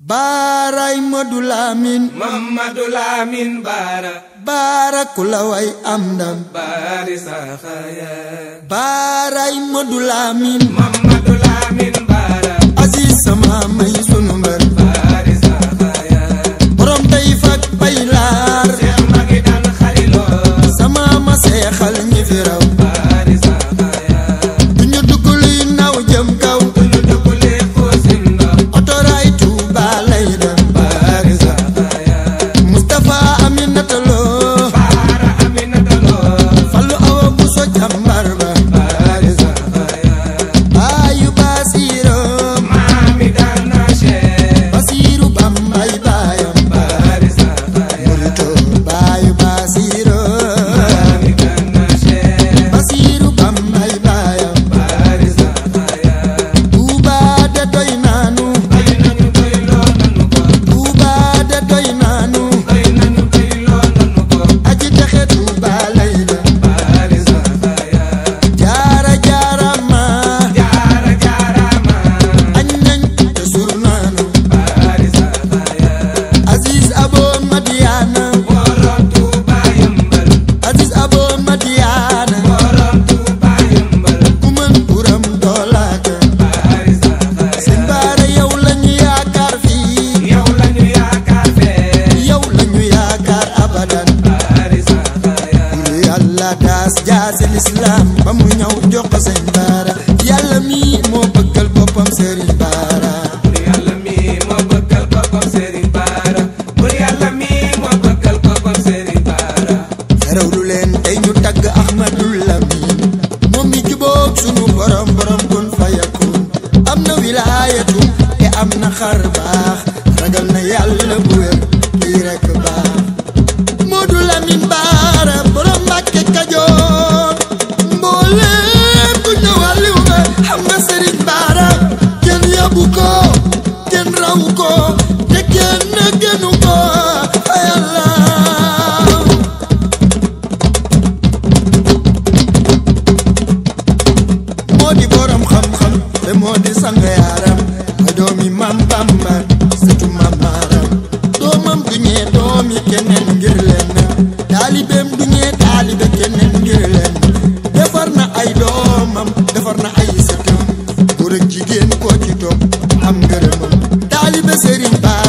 baaray Madu Lamin baara baara ku la way am ndam baari saxaaya baaray Madu Lamin Mamadu Lamin baara Aziz sama may sunu mbër baari saxaaya borom tay fak bay laar seex magi daan xariloo sama ma seexal ñi lislaam ba mu ñëw jox ko sëñ moo bëggal boppam sëriñ baara yàlla mi leen tey ñu tagg ahmadul lamin moom mi jubóog sunu borom borom kun fayakun am na wilaayatu te am na xarba moo di borom xam-xam te moo di sang yaaram mooy doomi maam Bamba sëtu maam maaram doomam du ñee doomi keneen ngir leen taalibeem du ñee taalibe keneen ngir leen defar na ay doomam defar na ay sëtam góor ak jigéen koo ci topp am ngërëmam taalibe Serigne Ba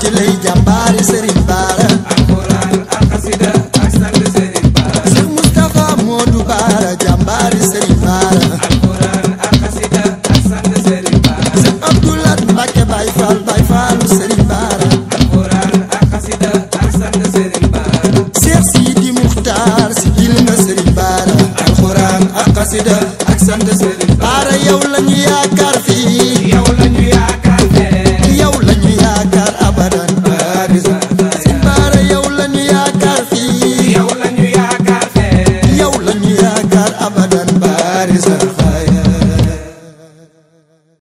ci lay jàmbaari Serigne Bara. alxuraan ak xasida ak sant Serigne Bara. Cheikh Moustapha Modou Bara jàmbaari Serigne Bara. alxuraan ak xasida ak sant Serigne Bara. Cheikh Abdoulaye Mbacke Baye Fall Baye Fallu Serigne Bara. alxuraan ak xasida ak sant Serigne Bara. Cheikh Sidi Muxtaar si jil na Serigne Bara. alxuraan ak xasida ak sant Serigne Bara. Bara yow lañu yaakaar fii.